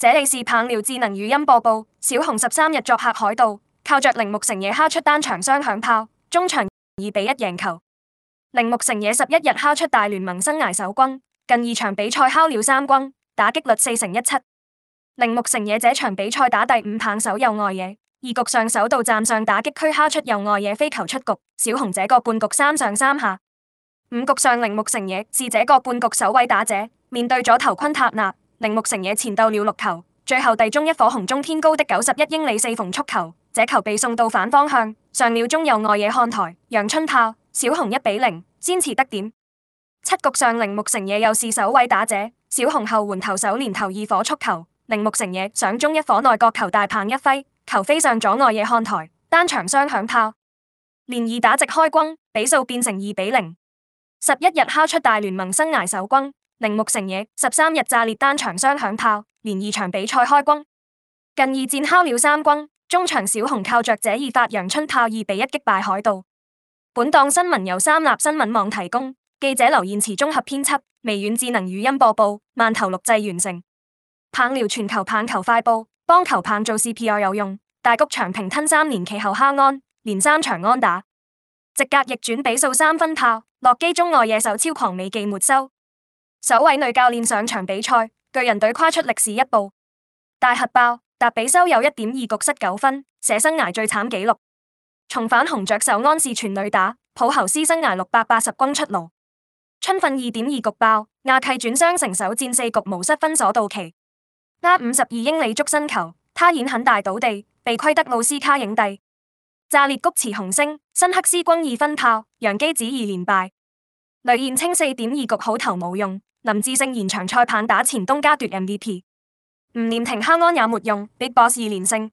這裡是棒聊智能語音播報，小熊十三日作客海盜，靠着鈴木誠也敲出單場雙響炮，終場二比一贏球。鈴木誠也十一日敲出大聯盟生涯首轟，近二場比賽敲了三轟，打擊率四成一七。鈴木誠也這場比賽打第五棒，守右外野，二局上首度站上打擊區敲出右外野飛球出局。小熊這個半局三上三下，五局上鈴木誠也是這個半局首位打者，面對左投昆塔納。鈴木誠也纏鬥了六球，最後逮中一顆紅中偏高的九十一英里四縫速球，這球被送到反方向，上了中右外野看台，陽春炮，小熊一比零，先馳得點。七局上鈴木誠也又是首位打者，小熊後援投手連投二火速球，鈴木誠也上中一顆內角球大棒一揮，球飛上左外野看台，單場雙響炮，連二打席開轟，比數變成二比零，十一日敲出大聯盟生涯首轟。鈴木誠也十三日炸裂單場雙響炮，連二場比賽開轟，近二戰敲了三轟。終場小熊靠着這二發陽春炮二比一擊敗海盜。本檔新聞由三立新聞網提供，記者劉彥慈綜合編輯，微軟智能語音播報，慢頭錄製完成。棒聊全球棒球快報，幫球棒做 CPR 有用。大谷翔平吞三年，其後敲安，連三場安打，直格逆轉比數三分炮。洛基中外野手超狂美技沒收。首位女教練上場比賽，巨人隊跨出歷史一步。大核爆，達比修有一點二局失九分，寫生涯最慘紀錄。重返紅雀首安是全壘打，普侯斯生涯六百八十轟出爐。春訓二點二局爆亞契轉雙城首戰四局無失分，所到期。加五十二英里觸身球，他演很大倒地，被虧得奧斯卡影帝炸裂，菊池雄星新克斯轟二分炮，楊基子二連敗。雷燕青四點二局好投冇用。林志勝延長賽棒打前東家奪 MVP，吳念庭敲安也沒用，Big Boss 二連勝。